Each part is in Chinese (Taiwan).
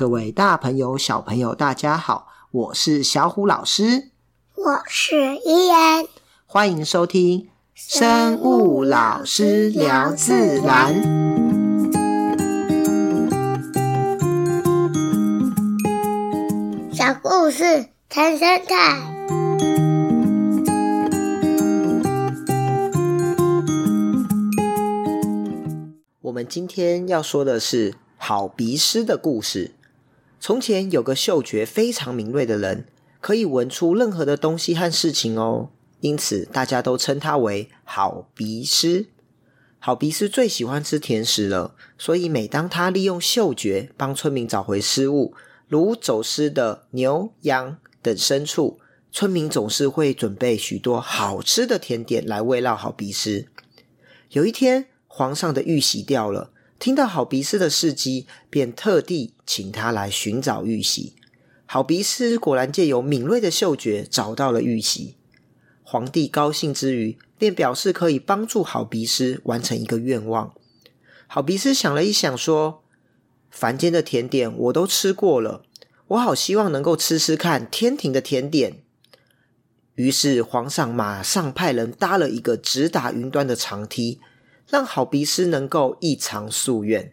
各位大朋友、小朋友，大家好！我是小虎老師，我是伊然。歡迎收聽生《收聽生物老師聊自然》小故事談，談生態。我們今天要說的是好鼻師的故事。從前有個嗅覺非常敏銳的人，可以聞出任何的東西和事情哦，因此大家都稱他為好鼻師。好鼻師最喜歡吃甜食了，所以每當他利用嗅覺幫村民找回失物，如走失的牛羊等牲畜，村民總是會準備許多好吃的甜點來犒勞好鼻師。有一天，皇上的玉玺掉了。聽到好鼻師的事蹟，便特地請他來尋找玉璽。好鼻師果然借由敏銳的嗅覺找到了玉璽。皇帝高興之餘，便表示可以幫助好鼻師完成一個願望。好鼻師想了一想，說：“凡間的甜點我都吃過了，我好希望能夠吃吃看天庭的甜點。”於是皇上馬上派人搭了一個直達雲端的長梯。讓好鼻師能夠一償夙願。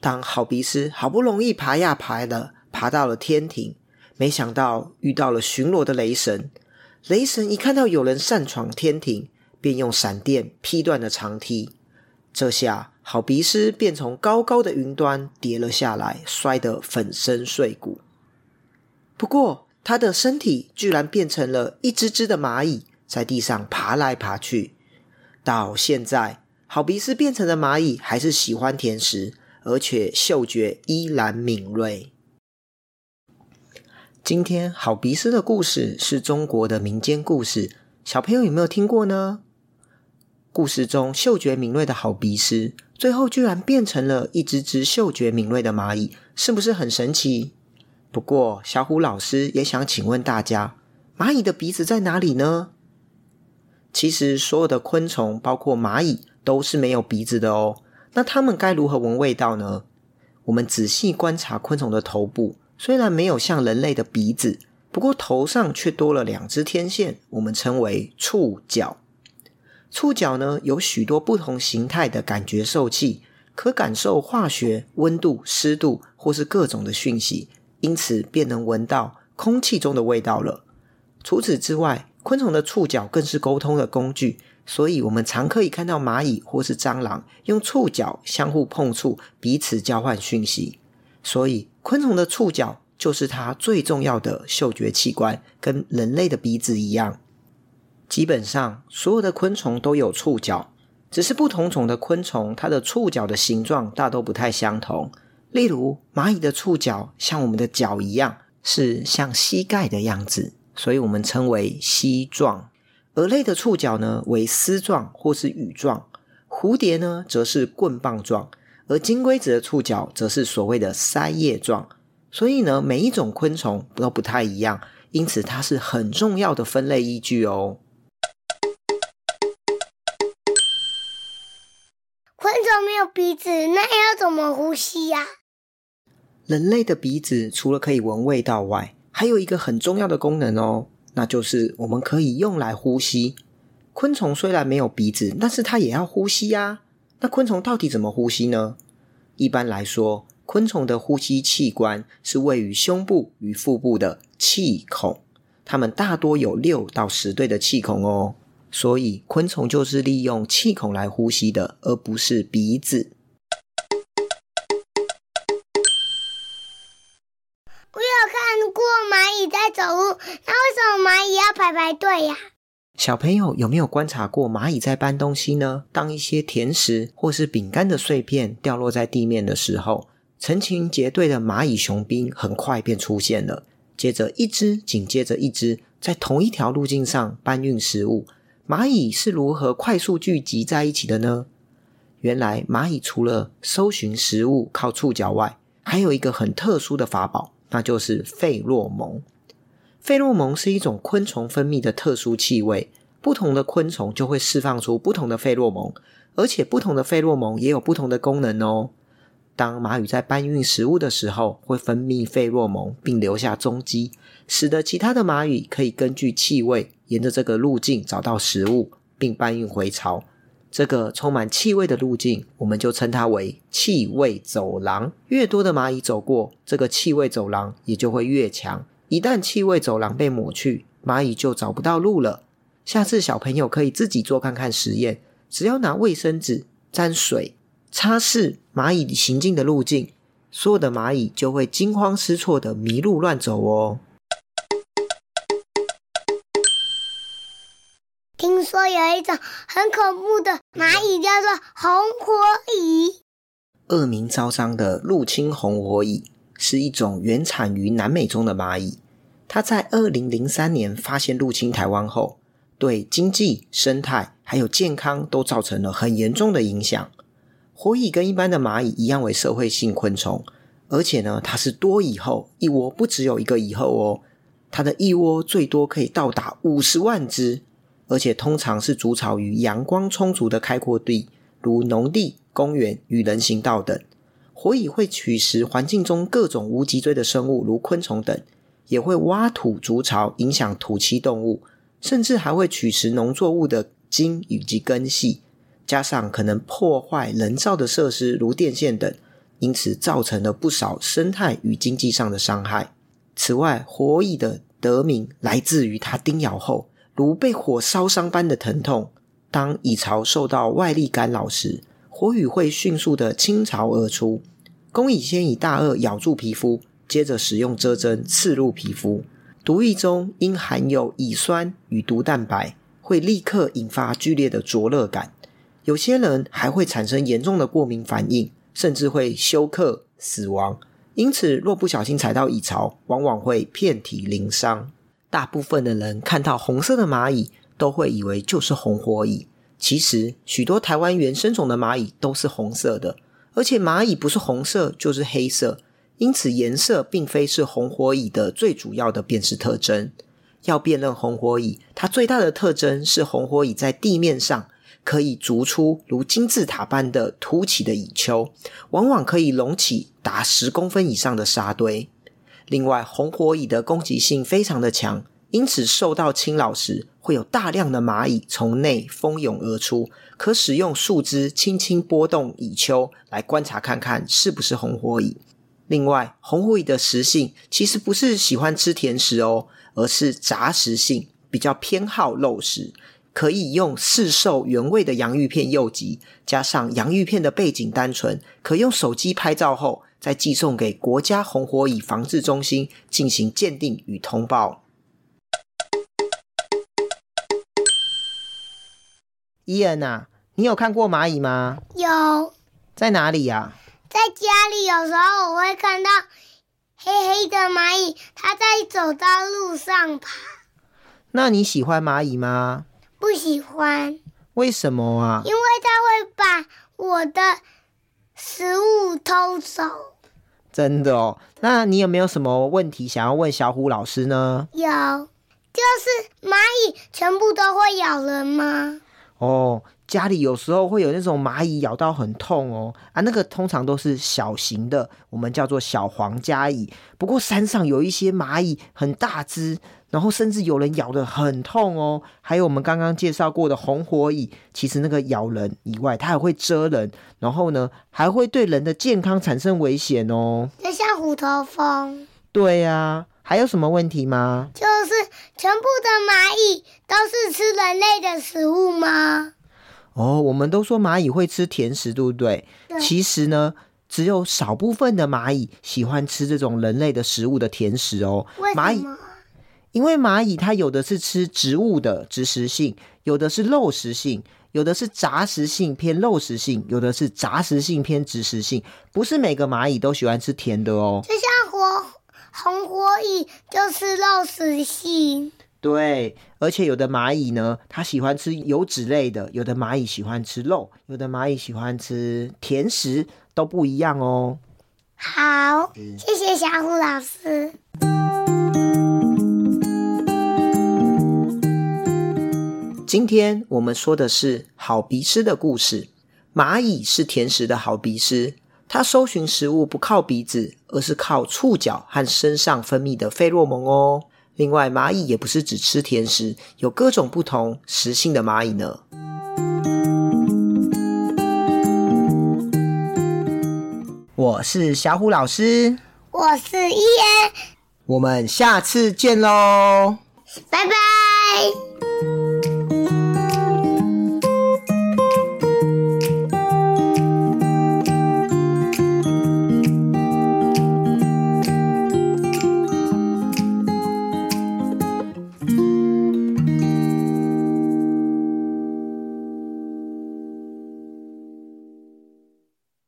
當好鼻師好不容易爬呀爬的，爬到了天庭，沒想到遇到了巡邏的雷神。雷神一看到有人擅闖天庭，便用閃電劈斷了長梯。這下好鼻師便從高高的雲端跌了下來，摔得粉身碎骨。不過他的身體居然變成了一隻隻的螞蟻，在地上爬來爬去。到現在，好鼻師變成的螞蟻，還是喜歡甜食，而且嗅覺依然敏銳。今天好鼻師的故事是中國的民間故事，小朋友有沒有聽過呢？故事中嗅覺敏銳的好鼻師，最後居然變成了一只只嗅覺敏銳的螞蟻，是不是很神奇？不過小虎老師也想請問大家，螞蟻的鼻子在哪裡呢？其實所有的昆蟲，包括螞蟻。都是沒有鼻子的哦，那它們該如何聞味道呢？我們仔細觀察昆蟲的頭部，雖然沒有像人類的鼻子，不過頭上卻多了兩隻天線，我們稱為觸角。觸角呢，有許多不同形態的感覺受器，可感受化學、溫度、濕度或是各種的訊息，因此便能聞到空氣中的味道了。除此之外，昆蟲的觸角更是溝通的工具。所以，我們常可以看到螞蟻或是蟑螂用觸角相互碰觸，彼此交換訊息。所以，昆蟲的觸角就是它最重要的嗅覺器官，跟人類的鼻子一樣。基本上，所有的昆蟲都有觸角，只是不同種的昆蟲，它的觸角的形狀大都不太相同。例如，螞蟻的觸角像我們的腳一樣，是像膝蓋的樣子，所以我們稱為膝狀。蛾類的觸角呢，為絲狀或是羽狀，蝴蝶呢，則是棍棒狀，而金龜子的觸角則是所謂的腮葉狀。所以呢，每一種昆蟲都不太一樣，因此它是很重要的分類依據哦。昆蟲沒有鼻子，那要怎麼呼吸呀？人類的鼻子除了可以聞味道外，還有一個很重要的功能哦。那就是我們可以用來呼吸。昆蟲雖然沒有鼻子，但是它也要呼吸呀。那昆蟲到底怎麼呼吸呢？一般來說，昆蟲的呼吸器官是位於胸部與腹部的氣孔，它們大多有六到十對的氣孔哦。所以，昆蟲就是利用氣孔來呼吸的，而不是鼻子。看過螞蟻在走路，那為什麼螞蟻要排排隊呀、啊？小朋友有沒有觀察過螞蟻在搬東西呢？當一些甜食或是餅乾的碎片掉落在地面的時候，成群結隊的螞蟻雄兵很快便出現了。接着一隻緊接着一隻，在同一條路徑上搬運食物。螞蟻是如何快速聚集在一起的呢？原來螞蟻除了搜尋食物靠觸角外，還有一個很特殊的法寶。那就是費洛蒙。費洛蒙是一種昆蟲分泌的特殊氣味，不同的昆蟲就會釋放出不同的費洛蒙，而且不同的費洛蒙也有不同的功能哦。當螞蟻在搬運食物的時候，會分泌費洛蒙並留下蹤跡，使得其他的螞蟻可以根據氣味沿着這個路徑找到食物，並搬運回巢。這個充滿氣味的路徑，我們就稱它為氣味走廊。越多的螞蟻走過，這個氣味走廊也就會越強。一旦氣味走廊被抹去，螞蟻就找不到路了。下次小朋友可以自己做看看實驗，只要拿衛生紙沾水擦拭螞蟻行進的路徑，所有的螞蟻就會驚慌失措地迷路亂走哦。說有一種很恐怖的螞蟻叫做紅火蟻，惡名昭彰的入侵紅火蟻是一種原產於南美中的螞蟻。它在二零零三年發現入侵台灣後，對經濟、生態還有健康都造成了很嚴重的影響。火蟻跟一般的螞蟻一樣為社會性昆蟲，而且呢，它是多蟻後，一窩不只有一個蟻後哦。它的一窩最多可以到達五十萬只。而且通常是築巢於陽光充足的開闊地，如農地、公園與人行道等。火蟻會取食環境中各種無脊椎的生物，如昆蟲等，也會挖土築巢，影響土棲動物，甚至還會取食農作物的莖以及根系，加上可能破壞人造的設施，如電線等，因此造成了不少生態與經濟上的傷害。此外，火蟻的得名來自於它叮咬後，如被火燒傷般的疼痛。當蟻巢受到外力干擾時，火蟻會迅速的傾巢而出。工蟻先以大顎咬住皮膚，接着使用蜇針刺入皮膚。毒液中因含有蟻酸與毒蛋白，會立刻引發劇烈的灼熱感。有些人還會產生嚴重的過敏反應，甚至會休克死亡。因此，若不小心踩到蟻巢，往往會遍體鱗傷。大部分的人看到紅色的螞蟻都會以為就是紅火蟻，其實許多台灣原生種的螞蟻都是紅色的，而且螞蟻不是紅色就是黑色，因此顏色並非是紅火蟻的最主要的辨識特徵。要辨認紅火蟻，它最大的特徵是紅火蟻在地面上可以築出如金字塔般的凸起的蟻丘，往往可以隆起達十公分以上的沙堆。另外，紅火蟻的攻擊性非常的強，因此受到侵擾時，會有大量的螞蟻從內蜂擁而出。可使用樹枝輕輕撥動蟻丘來觀察看看是不是紅火蟻。另外，紅火蟻的食性其實不是喜歡吃甜食哦，而是雜食性，比較偏好肉食。可以用市售原味的洋芋片誘集，加上洋芋片的背景單純，可用手機拍照後。再寄送給國家紅火蟻防治中心進行鑑定與通報。伊恩啊，你有看過螞蟻嗎？有。在哪裡呀？在家裡，有時候我會看到黑黑的螞蟻，它在走到路上爬。那你喜歡螞蟻嗎？不喜歡。為什麼啊？因為它會把我的。食物偷走。真的哦？那你有沒有什麼問題想要問小虎老師呢？有，就是螞蟻全部都會咬人嗎？哦。家裡有時候會有那種螞蟻咬到很痛哦，啊，那個通常都是小型的，我們叫做小黃家蟻。不過山上有一些螞蟻很大隻，然後甚至有人咬得很痛哦。還有我們剛剛介紹過的紅火蟻，其實那個咬人以外，它還會蟄人，然後呢還會對人的健康產生危險哦。就像虎頭蜂。對呀，啊，還有什麼問題嗎？就是全部的螞蟻都是吃人類的食物嗎？哦，我們都說螞蟻會吃甜食，對不對？對。其實呢，只有少部分的螞蟻喜歡吃這種人類的食物的甜食哦。為什麼？因為螞蟻它有的是吃植物的植食性，有的是肉食性，有的是雜食性偏肉食性，有的是雜食性偏植食性，不是每個螞蟻都喜歡吃甜的哦。就像火紅火蟻就是肉食性。對，而且有的螞蟻呢，它喜歡吃油脂類的；有的螞蟻喜歡吃肉；有的螞蟻喜歡吃甜食，都不一樣哦。好，嗯，謝謝小虎老師。今天我們說的是好鼻師的故事。螞蟻是甜食的好鼻師，它搜尋食物不靠鼻子，而是靠觸角和身上分泌的費洛蒙哦。另外，螞蟻也不是只吃甜食，有各種不同食性的螞蟻呢。我是小虎老師，我是伊恩，我們下次見嘍，拜拜。